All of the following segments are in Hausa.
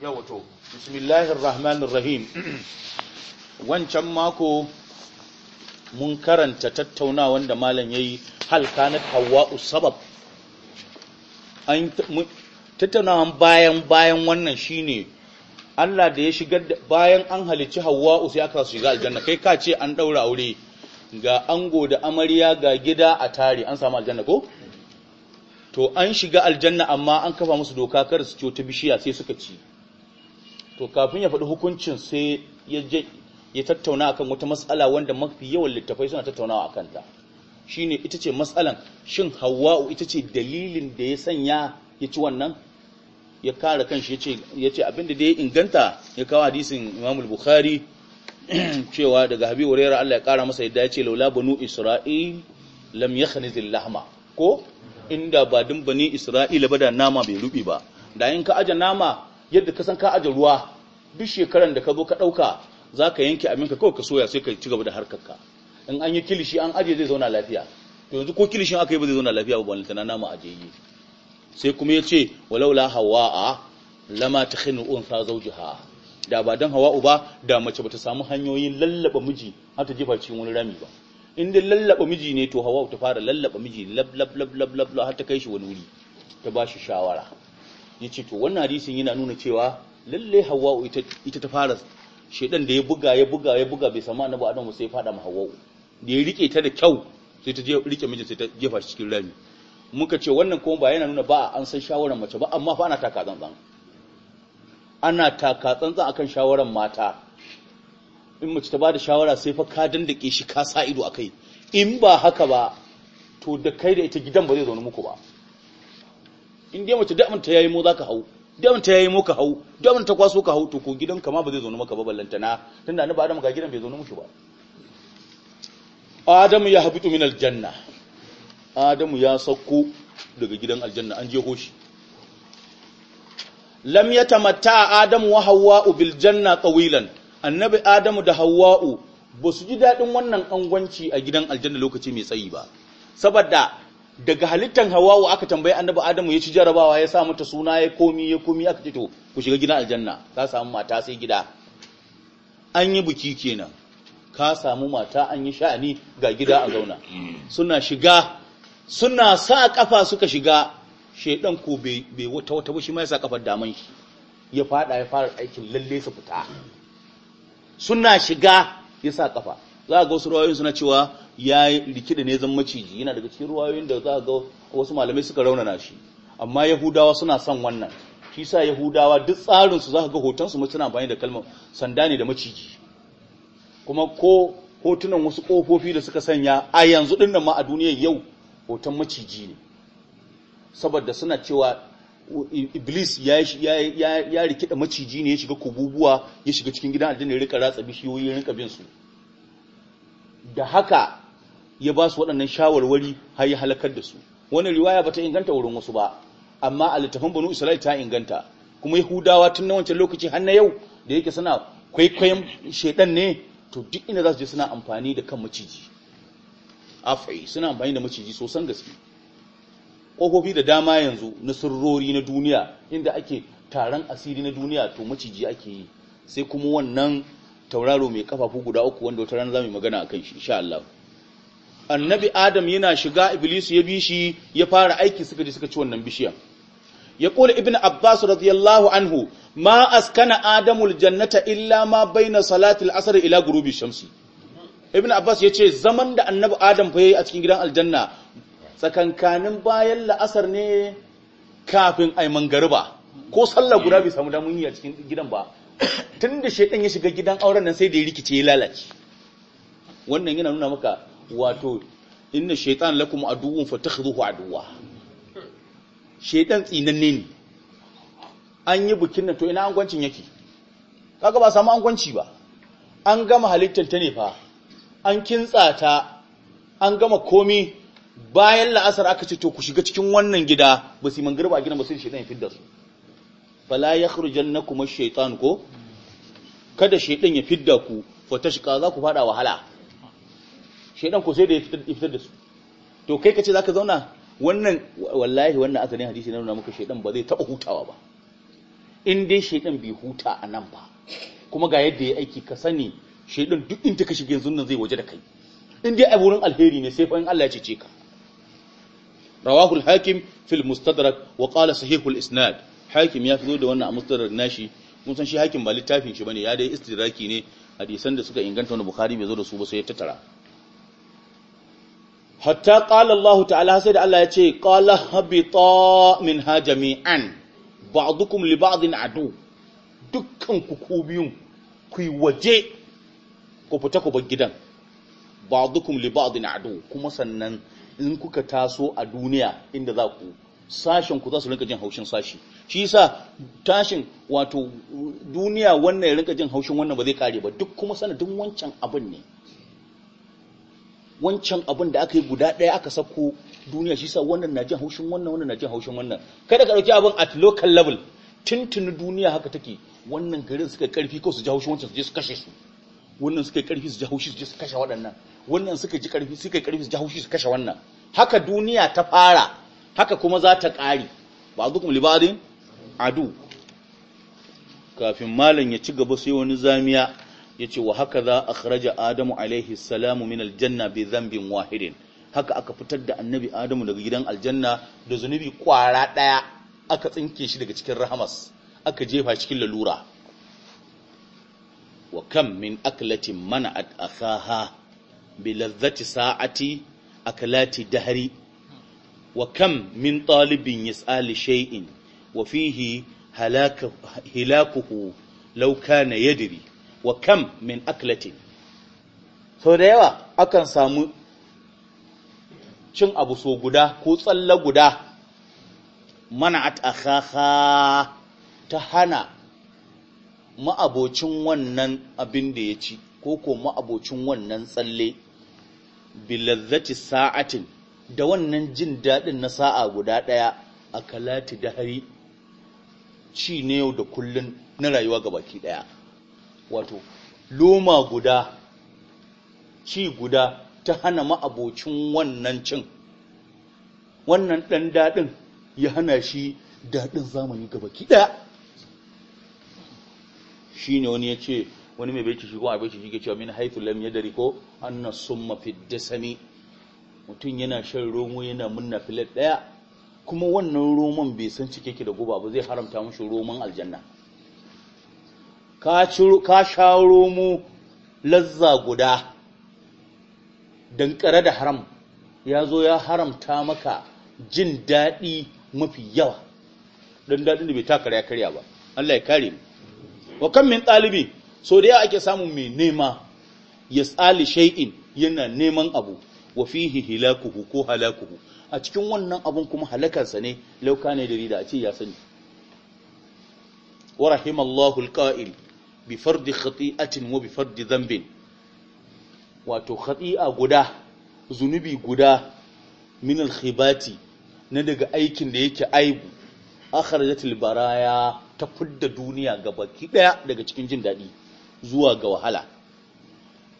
yau wato bismillahir rahmanir rahim wancan mako mun karanta tattaunawa da malam yayi halka na hawa'u sabab an tattaunawa bayan bayan wannan shine Allah da ya shigar da bayan an halicci hawa'u sai aka shiga aljanna kai ka ce an daura aure ga ango da amarya ga gida a tare an samu aljanna ko to an shiga aljanna amma an kafa musu doka kar su ciyo ta bishiya sai suka ci to kafin ya faɗi hukuncin sai ya tattauna akan wata matsala wanda mafi yawan littafai suna tattaunawa a kanta. Shi ne ita ce matsalan shin hawa'u ita ce dalilin da ya sanya ya ci wannan ya kare kanshi ya ce abinda da ya inganta ya kawo hadisin imamul bukhari cewa daga habi wurera Allah ya kara masa yadda ya ce laula banu isra'il lam yakhnizil lahma ko inda ba dun bani isra'ila ba da nama bai rubi ba da in ka aje nama yadda ka san ka aje ruwa duk shekaran da ka zo ka ɗauka za ka yanke abinka kawai ka soya sai ka ci gaba da harkarka in an yi kilishi an aje zai zauna lafiya to yanzu ko kilishin aka yi ba zai zauna lafiya ba na nama aje yi sai kuma ya ce walaula hawa'a lama ta khinu unsa zawjiha da ba dan hawa'u ba da mace bata samu hanyoyin lallaba miji har ta jefa cikin wani rami ba in dai lallaba miji ne to hawa'u ta fara lallaba miji lab lab lab lab lab har ta kai shi wani wuri ta ba shi shawara ya ce to wannan hadisin yana nuna cewa lalle hawa'u ita ta fara shedan da ya buga ya buga ya buga bai samu annabi adamu sai ya fada ma hawa'u da ya rike ta da kyau sai ta je rike mijin sai ta jefa shi cikin rami muka ce wannan kuma ba yana nuna ba an san shawaran mace ba amma fa ana taka tsantsan ana taka tsantsan akan shawaran mata in mace ta bada shawara sai fa ka dandake shi ka sa ido akai in ba haka ba to da kai da ita gidan ba zai zaune muku ba in dai mace da'amin ta yayi mo zaka hau da'amin ta yayi mo ka hau da'amin ta kwaso ka hau to ko gidan ka ma ba zai zo maka ba ballanta na tunda annabi adam ga gidan bai zo mushi ba adam ya habitu min aljanna adam ya sauko daga gidan aljanna an je hoshi lam yatamatta adam wa hawwa bil janna tawilan annabi adamu da hawwa'u ba su ji daɗin wannan angwanci a gidan aljanna lokaci mai tsayi ba saboda daga halittar halittan wa aka tambayi annabi adamu ya ci jarabawa ya sa mata suna ya komi ya komi aka ce to ku shiga gidan aljanna ka samu mata sai gida an yi buki kenan ka samu mata an yi sha'ani ga gida a zauna suna shiga suna sa kafa suka shiga shedan ko bai wata wata ba shi ma ya sa kafar daman shi ya fada ya fara aikin lalle su fita suna shiga ya sa kafa za a ga wasu rawayoyin suna cewa ya da ne zan maciji yana daga cikin ruwayoyin da za a ga wasu malamai suka raunana shi amma yahudawa suna son wannan shi sa yahudawa duk tsarin su zaka ga hoton su mutuna bayan da kalmar sanda ne da maciji kuma ko hotunan wasu kofofi da suka sanya a yanzu din nan ma a duniya yau hoton maciji ne saboda suna cewa iblis ya da maciji ne ya shiga kububuwa ya shiga cikin gidan aljanna ya rika ratsa bishiyoyi ya rika bin su da haka ya ba su waɗannan shawarwari har ya halakar da su wani riwaya ba ta inganta wurin wasu ba amma a littafin banu isra'il ta inganta kuma yahudawa tun na wancan lokaci har na yau da yake suna kwaikwayon shaidan ne to duk inda za su je suna amfani da kan maciji afai suna amfani da maciji sosan gaske kofofi da dama yanzu na sirrori na duniya inda ake taron asiri na duniya to maciji ake yi sai kuma wannan tauraro mai kafafu guda uku wanda wata rana za mu yi magana akan shi insha Allah annabi adam yana shiga iblis ya bi ya fara aiki suka ji suka ci wannan bishiya ya kula ibn abbas radiyallahu anhu ma askana adamul jannata illa ma baina salatil asr ila gurubi shamsi ibn abbas yace zaman da annabi adam fa yayi a cikin gidan aljanna tsakankanin bayan la'asar ne kafin ai mangariba ko Sallar guda bai samu damun yi a cikin gidan ba tunda shedan ya shiga gidan auren nan sai da ya rikice ya lalace wannan yana nuna maka wato inna shaitan lakum aduwwun fatakhudhuhu aduwwa shaitan tsinanne ne an yi bikin nan to ina angwancin yake kaga ba samu angwanci ba an gama halittar ta ne fa an kintsa ta an gama komi bayan la'asar aka ce to ku shiga cikin wannan gida ba su yi mangirba gina ba su shaitan ya fidda su fala na kuma shaitan ko kada shaitan ya fidda ku fa tashqa za ku fada wahala shaidan ko sai da ya fitar da su to kai ka ce za ka zauna wannan wallahi wannan asalin hadisi na nuna muka shaidan ba zai taba hutawa ba in dai shedan bai huta a nan ba kuma ga yadda ya aiki ka sani shaidan duk inda ka shige yanzu nan zai waje da kai in dai a wurin alheri ne sai fa in Allah ya cece ka Rawahul hakim fil mustadrak wa qala sahihul isnad hakim ya fito da wannan a mustadrak nashi mun san shi hakim ba littafin shi bane ya dai istidraki ne hadisan da suka inganta wani bukhari bai zo da su ba sai ya tattara hatta qala Allah ta'ala sai da Allah ya ce qala habita ha jami'an ba'dukum li ba'din adu dukkan ku ku biyun ku waje ku fita ku bar gidan ba'dukum li ba'din adu kuma sannan in kuka taso a duniya inda za ku sashen ku za su rinka jin haushin sashi shi yasa tashin wato duniya wannan ya rinka jin haushin wannan ba zai kare ba duk kuma sanadin wancan abin ne wancan abin da aka yi guda ɗaya aka sako duniya shi sa wannan na jin haushin wannan wannan na jin haushin wannan kada ka ɗauki abin at local level tuntuni duniya haka take wannan garin suka karfi ko su ji haushin wancan su je su kashe su wannan suka karfi su ji haushi su je su kashe waɗannan wannan suka ji karfi suka karfi su ji haushi su kashe wannan haka duniya ta fara haka kuma za ta ƙari ba dukkan libadin adu kafin malam ya ci gaba sai wani zamiya yace wa haka za a kharaja adamu alaihi salamu min aljanna bi dhanbin wahidin haka aka fitar da annabi adamu daga gidan aljanna da zunubi kwara daya aka tsinke shi daga cikin rahamas aka jefa cikin lalura wa kam min aklatin mana'at akhaha bi ladhati sa'ati akalati dahri wa kam min talibin yas'ali shay'in wa fihi halakuhu law kana yadri wa kam min aklati sau da yawa akan samu cin abu so guda ko tsalle guda mana ta hana ma'abocin wannan abin da ya ci ko ko ma'abocin wannan tsalle bilazzati sa'atin da wannan jin daɗin na sa'a guda ɗaya a kalati da hari ci ne yau da kullun na rayuwa gabaki ɗaya wato loma guda ci guda ta hana ma'abocin wannan cin wannan ɗan daɗin ya hana shi daɗin zamani gaba kiɗa shi ne wani ya ce wani mai bai shi ko a bai shi ke cewa min haithu lam ya dari ko na sun mafi dasani mutum yana shan romo yana munna filet ɗaya kuma wannan roman bai san cike ki da guba ba zai haramta mashi roman aljanna ka sharo mu lazza guda dankare da haram ya zo ya haramta maka jin daɗi mafi yawa don daɗin da bai takara ya karya ba Allah ya kare mu wa kan min ɗalibi so da yawa ake samun mai nema ya tsali shai'in yana neman abu wa fihi hilakuhu ko halakuhu a cikin wannan abun kuma halakarsa ne lauka ne da rida a ce ya sani wa rahimallahu alqa'il bi fardi khati'atin wa bi fardi dhanbin wato khati'a guda zunubi guda min al-khibati na daga aikin da yake aibu akhrajatil baraya ta fudda duniya gabaki daya daga cikin jin dadi zuwa ga wahala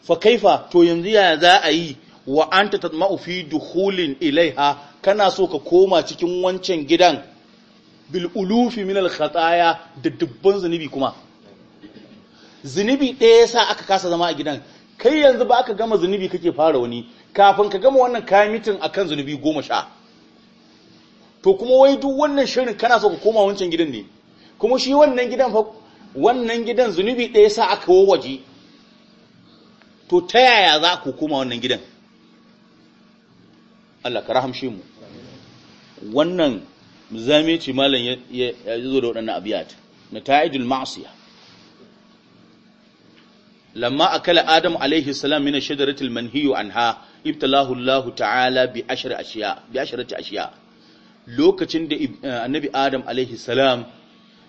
fa kaifa to yanzu yaya za a yi wa anta tatma'u fi dukhulin ilaiha kana so ka koma cikin wancan gidan bil ulufi min al khataya da dubban zunubi kuma zunubi ɗaya yasa aka kasa zama a gidan kai yanzu ba ka gama zunubi kake fara wani kafin ka gama wannan kayan mitin akan zunubi goma sha to kuma wai duk wannan shirin kana so ka koma wancan gidan ne kuma shi wannan gidan fa wannan gidan zunubi ɗaya sa aka waje to ta yaya za ku koma wannan gidan Allah ka rahamshe mu wannan zame ce malam ya zo da waɗannan abiyat ta'idul ma'siyah lamma a akala adam alaihi salam min shajaratil manhiyu anha ibtalahu Allah ta'ala bi ashri ashiya bi ashrati ashiya lokacin da eh, annabi adam alaihi salam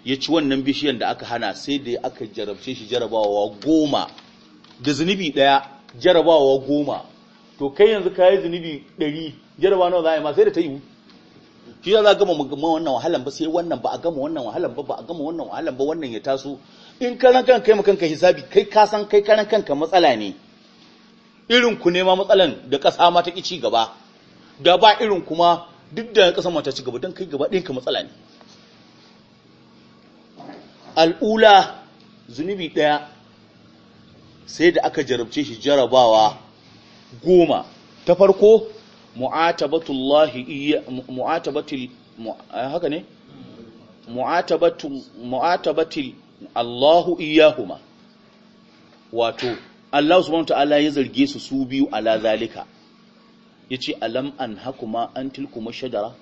ya ci wannan bishiyar da aka hana sai da aka jarabce shi jarabawa goma da zunubi daya jarabawa goma to kai yanzu ka yi zunubi ɗari jaraba nawa za ma sai da ta yi shi za a gama wannan wahalan ba sai wannan ba a gama wannan wahalan ba ba a gama wannan wahalan ba wannan ya taso in karan kan kai kanka hisabi kai ka san kai karan kanka matsala ne irin ku nema matsalan da kasa ma ta gaba da ba irin kuma duk da kasa ma ta ci gaba don kai gaba ɗinka matsala ne al'ula zunubi ɗaya sai da aka jarabce shi jarabawa goma ta farko mu'atabatullahi iya mu'atabatil haka ne mu'atabatul mu'atabatil Allahu iyahuma wato Allah subhanahu ta'ala ya zarge su su biyu ala zalika yace alam an hakuma an tilkuma shajara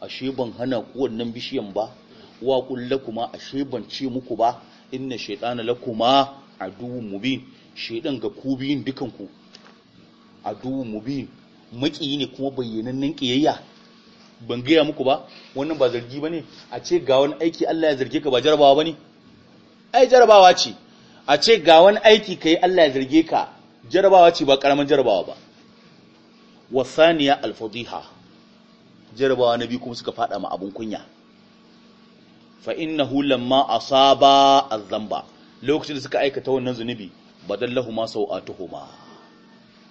ashe ban hana ku wannan bishiyan ba wa kullakuma ashe ban ce muku ba inna shaytana lakuma aduwwun mubin shaydan ga ku biyin dukan ku aduwwun mubin maki ne kuma nan kiyayya ban gaya muku ba wannan ba zargi bane a ce ga wani aiki Allah ya zarge ka ba jarabawa bane ai jarabawa ce a ce ga wani aiki ka yi Allah ya zarge ka jarabawa ce ba ƙaramin jarabawa ba wasaniya alfadiha jarabawa na biyu kuma suka faɗa ma abun kunya fa innahu lamma asaba a zamba lokacin da suka aikata wannan zunubi badallahuma sawatuhuma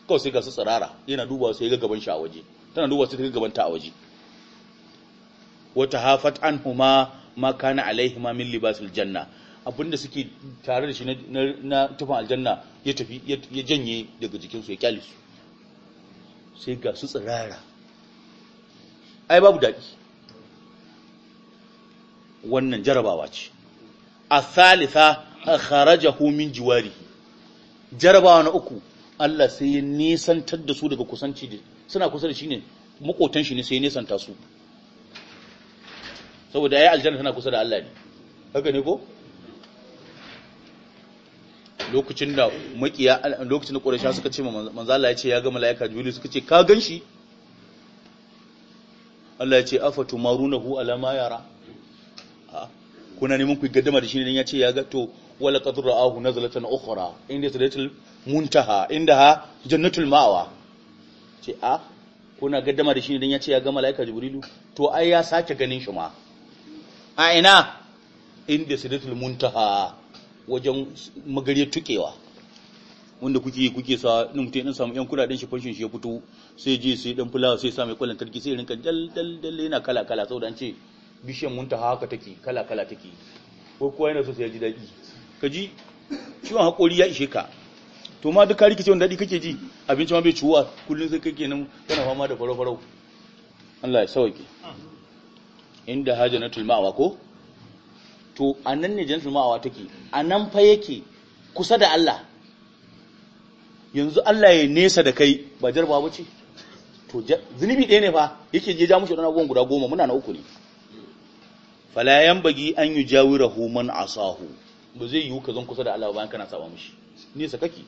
kawai sai ga su tsirara yana duba su ga gaban shi a waje tana duba su ta gaban ta a waje wata hafat anhuma ma kana alaihima min libasul janna abinda suke tare da shi na tufan aljanna ya tafi ya janye daga jikinsu ya kyale su sai ga su tsirara ai babu daɗi wannan jarabawa ce a a haraja homin jiwari jarabawa na uku Allah sai ya nisantar da su daga kusanci da suna kusa da shi ne makotan shi ne sai ya nisanta su saboda ya aljanna tana kusa da Allah ne haka ne ko lokacin da makiya lokacin da quraisha suka ce manzo Allah ya ce ya ga malaika jibril suka ce ka ganshi Allah ya ce afatu marunahu ala ma yara kuna neman ku gaddama da shi ne ya ce ya ga to wala qad ra'ahu nazlatan ukhra inda sidratul muntaha ha jannatul ma'wa ce a kuna gaddama da shi ne ya ce ya ga malaika jibrilu to ai ya sake ganin shi ma a ina inda sidratul muntaha wajen magare tukewa wanda kuke kuke sa nan mutum ɗin samu yan kudaden shi fashin shi ya fito sai je sai dan fulawa sai sami ƙwallon kwallon tarki sai rinka dal dal dal yana kala kala saboda an ce bishiyan munta haka take kala kala take ko kowa yana so sai ya ji daɗi ka ji ciwon haƙori ya ishe ka to ma duk ka rikice wanda daɗi kake ji abinci ma bai ciwuwa kullum sai kake nan kana fama da farau farau Allah ya sauke inda hajanatul ma'awa ko to anan ne jannatul ma'awa take anan fa yake kusa da Allah yanzu Allah ya nesa da kai ba jarba ba ce to zunubi ɗaya ne fa yake je ja mushi ɗan abubuwan guda goma muna na uku ne fala yanbagi an yujawirahu man asahu ba zai yiwu ka zan kusa da Allah bayan kana saba mushi nesa kake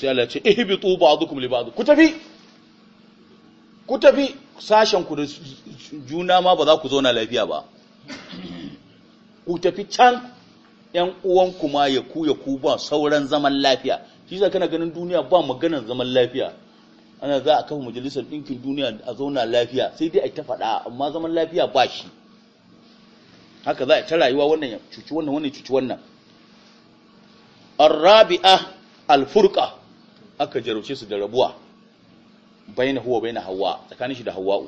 sai Allah ya ce ihbitu ba'dukum li ba'd ku tafi ku tafi sashen ku da juna ma ba za ku zauna lafiya ba ku tafi can ‘yan uwanku ma ya ku ya ku ba sauran zaman lafiya shi sa kana ganin duniya ba maganar zaman lafiya ana za a kafa majalisar ɗinkin duniya a zauna lafiya sai dai a ta faɗa amma zaman lafiya ba shi haka za a ta rayuwa wannan ya cuci wannan wannan cuci wannan arrabi'a alfurqa aka jarauce su da rabuwa baina wa baina hawa tsakanin shi da hawa'u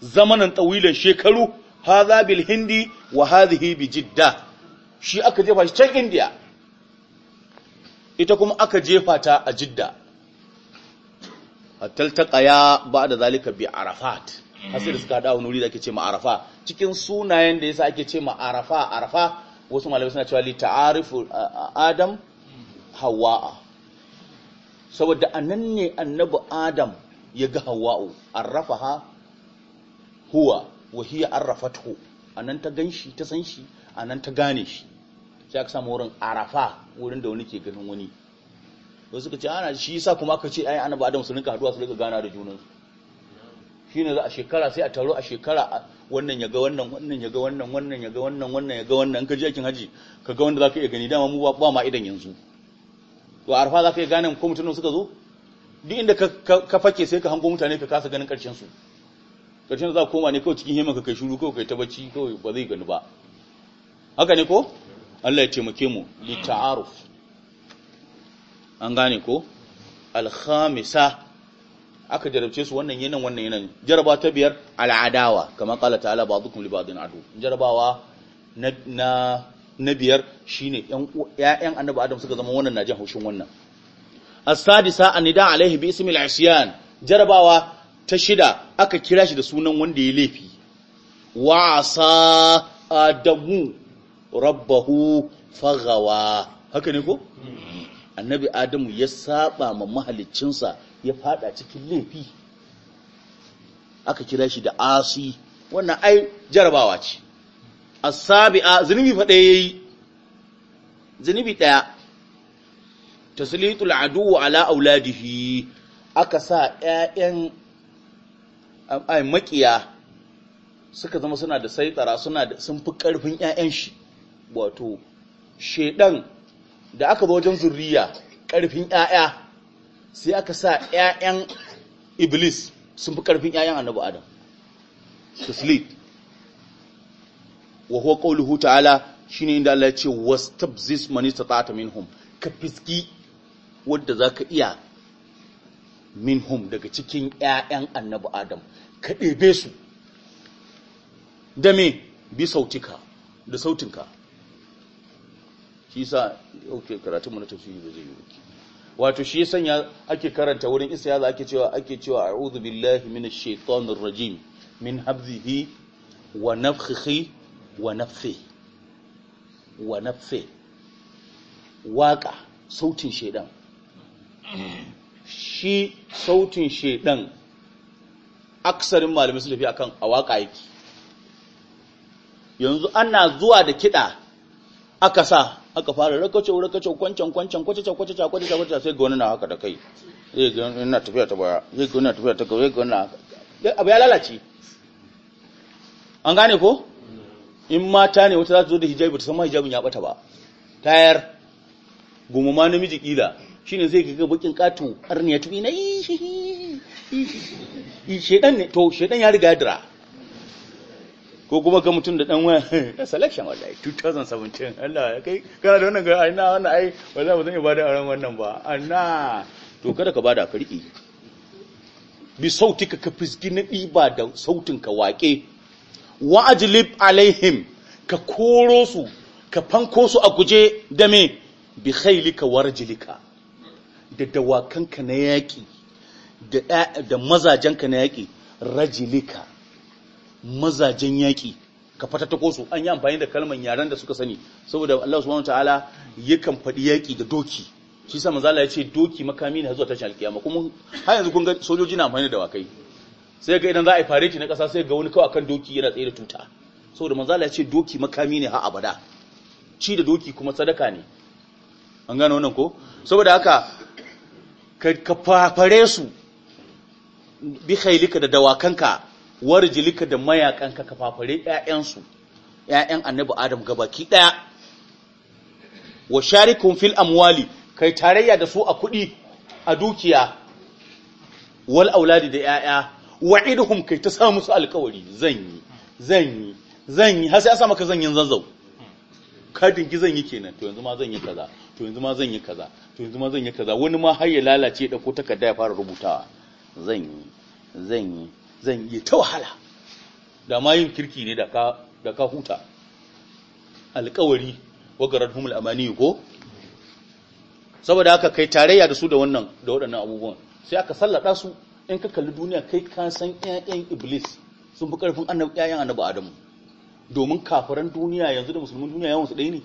zamanan tawilan shekaru hadha bil hindi wa hadhihi bi jidda shi aka jefa shi can india ita kuma aka jefa ta a jidda hatta taqaya ba'da zalika bi arafat hasi da suka dawo nuri da ake ce ma arafa cikin sunayen da yasa ake ce ma arafa arafa wasu malamai suna cewa li ta'arifu adam hawa'a saboda anan ne annabi adam ya ga hawa'u arrafaha huwa wa hiya arrafatu anan ta ganshi ta san shi anan ta gane shi sai aka samu wurin arafa wurin da wani ke ganin wani wasu suka ce ana shi yasa kuma aka ce ai annabi adam su rinka haduwa su rinka gana da su shine za a shekara sai a taro a shekara wannan ya ga wannan wannan ya ga wannan wannan ya ga wannan wannan ya ga wannan ka je aikin haji ka ga wanda zaka iya gani dama mu ba ma idan yanzu to arfa zaka iya gane ko mutanen suka zo duk inda ka fake sai ka hango mutane ka kasa ganin karshen su karshen za ka koma ne kawai cikin himan ka kai shuru kawai kai ta bacci kawai ba zai gani ba haka ne ko Allah ya taimake mu li ta'aruf an gane ko al-khamisa aka jarabce su wannan yanan wannan yanan jaraba ta biyar al'adawa kamar qala ta'ala ba'dukum li ba'din adu jarabawa na na na biyar shine yan ƴaƴan annabi adam suka zama wannan na jin haushin wannan as-sadisa nida alaihi bi ismi al-isyan jarabawa ta shida aka kira shi da sunan wanda ya laifi wasa adamu rabbahu fagawa haka ne ko annabi adamu ya saba ma mahalicinsa ya fada cikin laifi aka kira shi da asi wannan ai jarabawa ce asabi'a zunubi fada yayi zunubi ɗaya taslitul aduwa ala auladihi aka sa ƴaƴan ai makiya suka zama suna da saitara suna da sun fi karfin ƴaƴan shi wato shedan da aka zo wajen zurriya karfin ƴaƴa sai aka sa ƴaƴan iblis sun fi karfin ƴaƴan annabi adam sleep wa huwa qawluhu ta'ala shine inda Allah ya ce wastabzis man istata'ta minhum ka fiski wanda zaka iya minhum daga cikin ‘ya'yan annabi Adam, ka ɗebe su, da me bi sautika, da sautinka. Shi sa, ok, karatun mana tafsiri da zai yi wuki. Wato, shi sanya ake karanta wurin isa yaza ake cewa ake cewa a'udhu billahi min shaitanir rajim min habzihi wa nafkhihi wa nafthi wa nafthi waƙa sautin shaidan shi sautin shedan aksarin malamai su tafi akan awaka yake yanzu ana zuwa da kiɗa aka sa aka fara rakace rakace kwancan kwancan kwacace kwacace kwacace kwacace sai gona na haka da kai zai ga tafiya ta baya zai ga tafiya ta gaba zai ga abu ya lalace an gane ko in mata ne wata za ta zo da hijabi ta san ma hijabin ya bata ba tayar gumuma namiji kila shine zai kaga bakin katon karniya tumi na shedan ne to shedan ya riga dira ko kuma ga mutum da dan waya da selection wallahi 2017 Allah ya kai kana da wannan ga ai na wannan ai za mu zan ibada a ran wannan ba anna to kada ka bada ka bi sautika ka fisgi na diba da sautin ka waƙe wa ajlib alaihim ka koro su ka fanko su a guje da me bi khailika warjilika da dawakanka na yaƙi da mazajenka na yaƙi rajilika mazajen yaƙi ka fatattako su an yi amfani da kalmar yaren da suka sani saboda Allah subhanahu wataala yakan faɗi yaƙi da doki shi sa manzala ya ce doki makami ne har zuwa tashin alkiyama kuma har yanzu kun ga sojoji na amfani da dawakai sai ga idan za a yi fareti na ƙasa sai ga wani kawai kan doki yana tsaye da tuta saboda manzala ya ce doki makami ne har abada ci da doki kuma sadaka ne an gano wannan ko saboda haka ka fafare su bi khailika da dawakanka warjilika da mayakanka ka fafare ƴaƴansu ƴaƴan annabi adam gabaki daya wa sharikum fil amwali kai tarayya da su a kuɗi a dukiya wal auladi da ƴaƴa wa'iduhum kai ta sa musu alƙawari zan yi zan yi zan yi har sai a ka zan zanyin zanzau ka dingi zan yi kenan to yanzu ma zan yi kaza to yanzu ma zan yi kaza to yanzu ma zan yi kaza wani ma har ya lalace da ko takarda ya fara rubutawa zan yi zan yi zan yi ta wahala da ma yin kirki ne da ka da ka huta alƙawari wagarar humul amani ko saboda haka kai tarayya da su da wannan da waɗannan abubuwan sai aka sallada su in ka kalli duniya kai ka san ƴaƴan iblis sun fi ƙarfin annabi ƴaƴan annabi adamu domin kafiran duniya yanzu da musulmin duniya yawan su ɗaya ne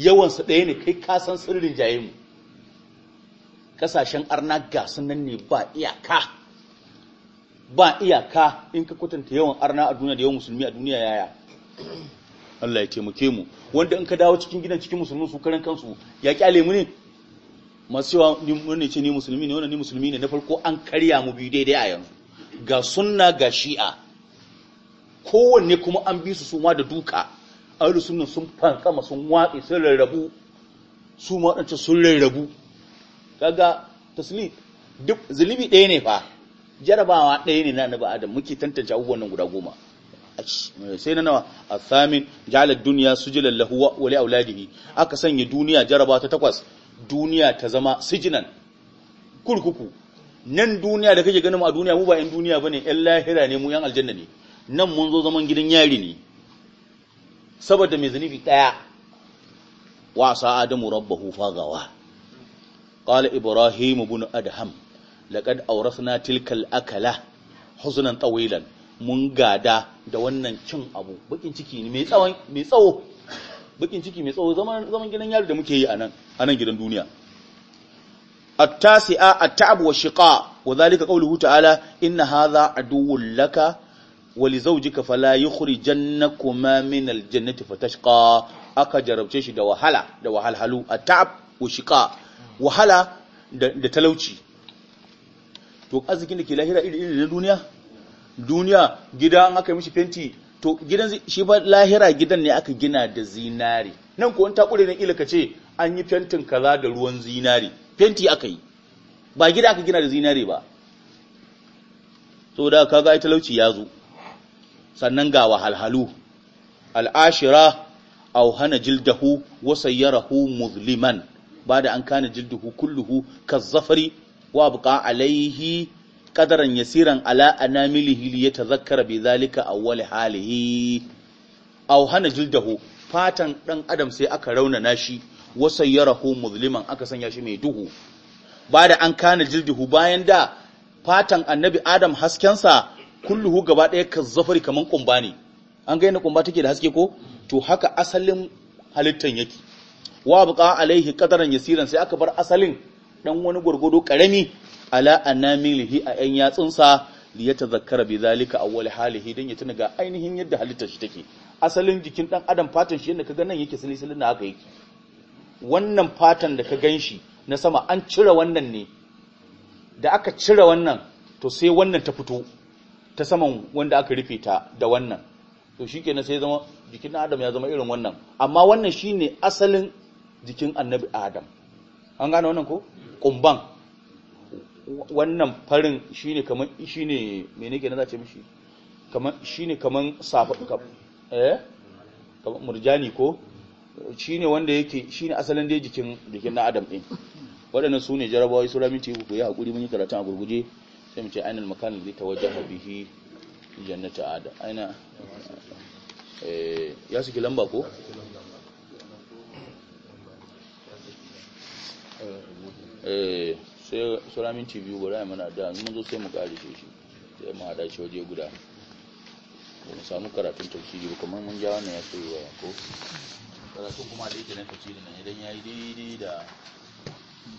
yawansa ɗaya ne kai ka san sirrin jaye mu kasashen arna ga nan ne ba iyaka ba iyaka in ka kwatanta yawan arna a duniya da yawan musulmi a duniya yaya Allah ya taimake mu wanda in ka dawo cikin gidan cikin musulmi su karan kansu ya kyale mu ne masu ni wani ce ni musulmi ne wani ni musulmi ne na farko an karya mu biyu daidai a yanzu ga sunna ga shi'a kowanne kuma an bi su suma da duka ahlus sunna sun fankama sun watsi sun rarrabu su ma wadanda sun rarrabu kaga taslid duk zulubi ɗaya ne fa jarabawa ɗaya ne na annabi adam muke tantance abubuwan nan guda goma sai na nawa athamin ja'ala ad-dunya sujilan lahu wa li auladihi aka sanya duniya jaraba ta takwas duniya ta zama sijinan kurkuku nan duniya da kake ganin mu a duniya mu ba yan duniya bane yan lahira ne mu yan aljanna ne nan mun zo zaman gidan yari ne saboda mai zunubi ɗaya wasa adamu rabbahu fagawa qala ibrahim ibn adham laƙad Auras na tilkal akala Huzunan tsawilan mun gada da wannan cin abu bakin ciki ne mai tsawo bakin ciki mai tsawo zaman gidan yari da muke yi anan nan gidan duniya التاسعه التعب والشقاء وذلك قوله تعالى ان هذا عدو لك wali zaujika fala yukhrijannakuma min aljannati fatashqa aka jarabce shi da wahala da wahalhalu atab ushiqa wahala da talauci to arzikin da ke lahira iri iri na duniya duniya gida an aka mishi fenti to gidan shi ba lahira gidan ne aka gina da zinari nan ko an ta kure ne ila kace an yi fentin kaza da ruwan zinari fenti aka yi ba gida aka gina da zinari ba saboda kaga ai talauci ya zo sannan ga wahalhalu al'ashira hana jildahu wa sayyarahu muzliman ba da an kana jildahu kulluhu kazzafari wa buƙa alaihi ƙadaran yasiran ala'a ala zakkara, bai zalika a wani halihi hana jildahu fatan ɗan adam sai aka raunana shi wa muzliman aka sanya shi mai duhu ba da an kana jildahu bayan da fatan annabi adam haskensa kulluhu gaba ɗaya ka zafari kaman kumba ne an ga yadda kumba take da haske ko to haka asalin halittan yake wa buƙa alaihi qadaran yasiran sai aka bar asalin ɗan wani gwargwado ƙarami? ala anamilihi a yan yatsunsa li zakara bi zalika awwal halihi dan ya tuna ga ainihin yadda halittar shi take asalin jikin ɗan adam fatan shi yadda ga nan yake sani na haka yake wannan fatan da ka gan shi na sama an cire wannan ne da aka cire wannan to sai wannan ta fito ta saman wanda aka rufe ta da wannan to shikenan sai zama jikin Adam ya zama irin wannan amma wannan shine asalin jikin Annabi Adam an gane wannan ko kumban wannan farin shine kaman shine me nake na zace mishi kaman shine kaman safa eh kaman murjani ko shine wanda yake shine asalin dai jikin jikin na Adam din waɗannan su ne jarabawai su ramin teku ku yi haƙuri mun yi karatun a gurguje sai mace ainihin makan da ta waje habihi jannata adam aina eh, ya suke lamba ko? Eh, sai sura minti biyu guda ya mana da mun zo sai mu kare shi shi sai mu hada shi waje guda ba mu samu karatun tafsiri ba kuma mun ja na ya sai wa ko karatun kuma da yake na tafsiri na idan yi daidai da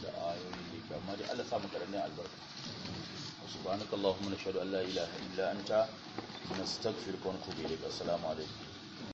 da ayoyin da amma da Allah sa mu albarka subhanakallahumma nashhadu an la ilaha illa anta nastaghfiruka wa natubu ilayk assalamu alaikum